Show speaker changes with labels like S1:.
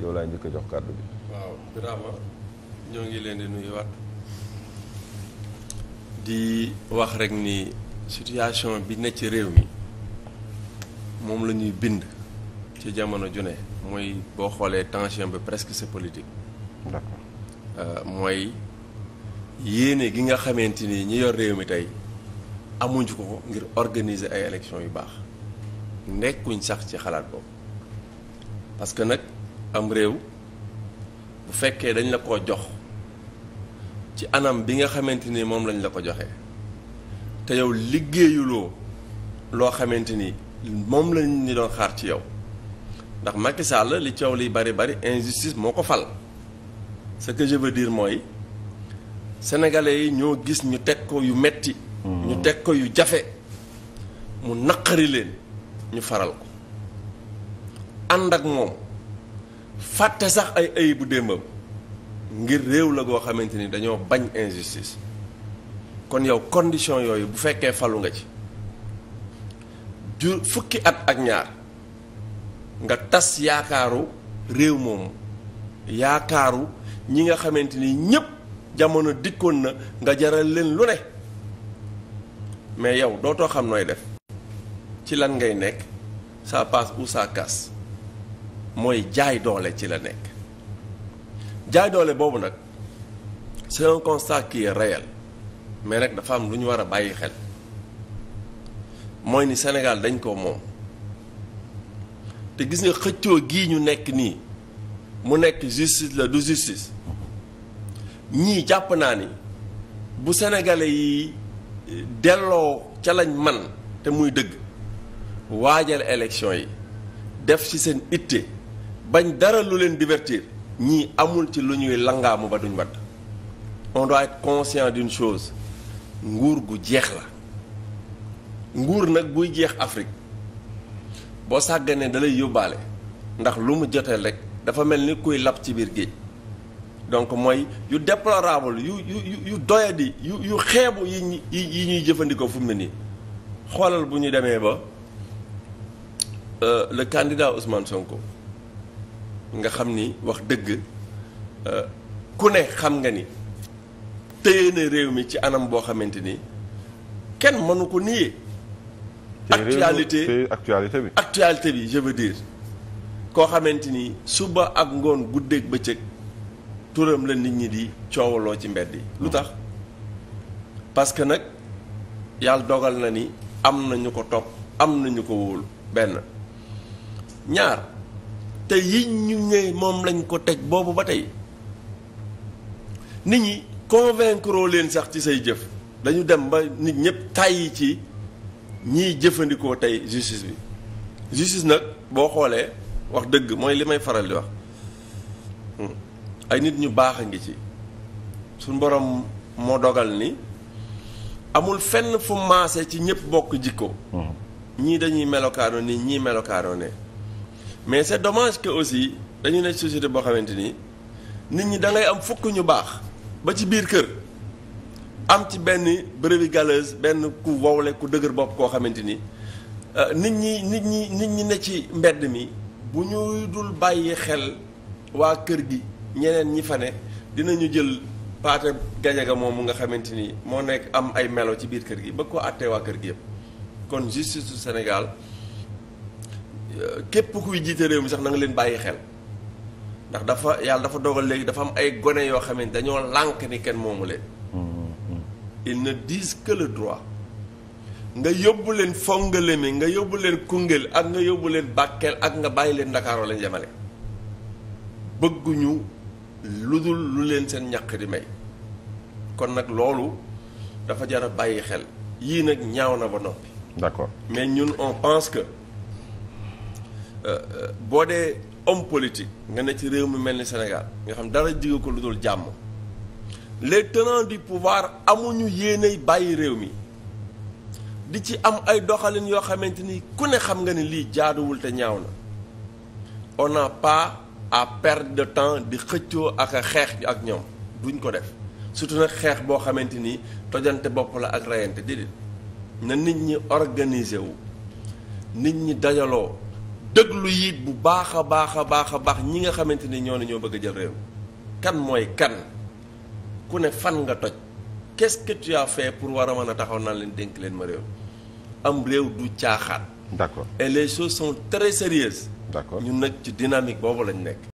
S1: yow laa njëkk a jox kàddu bi waaw Birama ñoo ngi leen di nuyu nuyuwaat di wax rek ni situation bi ne ci réew mi moom la ñuy bind ci jamono ju ne mooy boo xoolee tension bi presque c'est politique euh, mooy yéene gi nga xamante ni ñi yor réew mi tey amuñ ko ngir organiser ay élections yu baax nekkuñ sax ci xalaat boobu parce nag am réew bu fekkee dañ la ko jox ci anam bi nga xamante ni moom lañ la ko joxee te yow liggéeyuloo loo xamante ni moom lañ ni doon xaar ci yow ndax Macky li coow liy bari bari injustice moo ko fal ce que je veux mooy sénégalais yi ñoo gis ñu teg ko yu metti hmm. ñu teg ko yu jafe mu naqari leen ñu faral ko ànd ak moom fàtte sax ay ay bu démbam ngir réew la goo xamante ni dañoo bañ injustice kon yow condition yooyu bu fekkee falu nga ci ju fukki at ak ñaar nga tas yaakaaru réew moomu yaakaaru ñi nga xamante ni ñépp jamono dikkoon na nga jaral leen lu ne mais yow dootoo xam nooy def ci lan ngay nekk sa passe ou ça casse mooy jaay doole ci la nekk jaay doole boobu nag c'est un constat qui mais nag dafa am lu ñu war a bàyyi xel mooy ni Sénégal dañ ko moom te gis nga xëccoo gii ñu nekk nii mu nekk justice la du justice ñii jàpp naa ni bu senegale yi delloo ca lañ man te muy dëgg waajal élection yi def ci seen itte bañ dara lu leen divertir ñii amul ci lu ñuy langaamu ba duñ wadd on doit être conscient d'une chose nguur gu jeex la nguur nag buy jeex Afrique boo sàgganee dalay lay yóbbaale ndax lu mu jotee rek dafa mel ni kuy lab ci biir géej donc mooy yu déplorable yu yu yu yu yu xeebu yi ñuy jëfandikoo fu mu ne nii xoolal bu ñu demee ba euh, le candidat Ousmane Sonko. nga xam ni wax dëgg euh, ku ne xam nga ni téye na réew mi ci anam boo xamante ni kenn mënu ko nier. actualité actualité bi. actualité bi je veux koo xamante ni suba ak ngoon guddeeg bëccëg turam la nit ñi di coowaloo ci mbedd yi. lu tax parce que nag yàlla dogal na ni am na ñu ko topp am na ñu ko wóolu benn ñaar. te yi ñu ne moom lañ ko teg boobu ba tey nit ñi convaincre leen sax ci say jëf dañu dem ba nit ñëpp tàyyi ci ñiy jëfandikoo tey justice bi justice nag boo xoolee wax dëgg mooy li may faral di wax ay nit ñu baax a ngi ci suñ boroom moo dogal ni amul fenn fu ci ñëpp bokk jikko mm-hmm. ñii dañuy melokaano nii ñii melokaano ne mais c'est dommage que aussi dañu nekk société boo xamante ni nit ñi dangay am fukk ñu baax ba ci biir kër am ci benn brebis galeuse benn ku wowle ku dëgër bopp koo xamante ni euh, nit ñi nit ñi nit ñi ne ci mbedd mi bu ñu dul bàyyi xel waa kër gi ñeneen ñi fane ne dinañu jël paate gajaga moom mu nga xamante ni moo nekk am ay melo ci biir kër gi ba ko àttee waa kër gi yëpp kon justice du Sénégal képp kuy jiite réew mi sax nanga leen bàyyi xel ndax dafa yàlla dafa dogal léegi dafa am ay gone yoo xam dañoo lànk ni kenn moomu leen. ils na disent que droit. nga yóbbu leen fongale mi nga yóbbu leen Koungheul ak nga yóbbu leen bàkkeel ak nga bàyyi leen Ndakaaroo leen jamale bëgguñu lu dul lu leen seen ñàq di may kon nag loolu dafa jar a bàyyi xel yii nag ñaaw na ba noppi. mais ñun on pense que. boo dee homme politique nga ne ci réew mi mel ni Sénégal nga xam dara jige ko lu dul jàmm les tenants du pouvoir amuñu yéenay bàyyi réew mi di ci am ay doxalin yoo xamante ni ku ne xam nga ni lii jaaduwul te ñaaw na on n'a pas à perdre de temps di xëccoo ak a xeex ak ñoom duñ ko def surtout nag xeex boo xamante ni tojante bopp la ak reyante di na nit ñi organiser wu nit ñi dajaloo déglu yit bu baax a baax a baax a baax ñi nga xamante ni ñoo ne ñoo bëgg a jël réew kan mooy kan ku ne fan nga toj qu'est-ce que tu pour war a mën a taxaw naan leen dénk leen ma réew am réew du caaxaan d'accord et les choses sont très sérieuses d'accord ñun nag ci dynamique boobu lañu nekk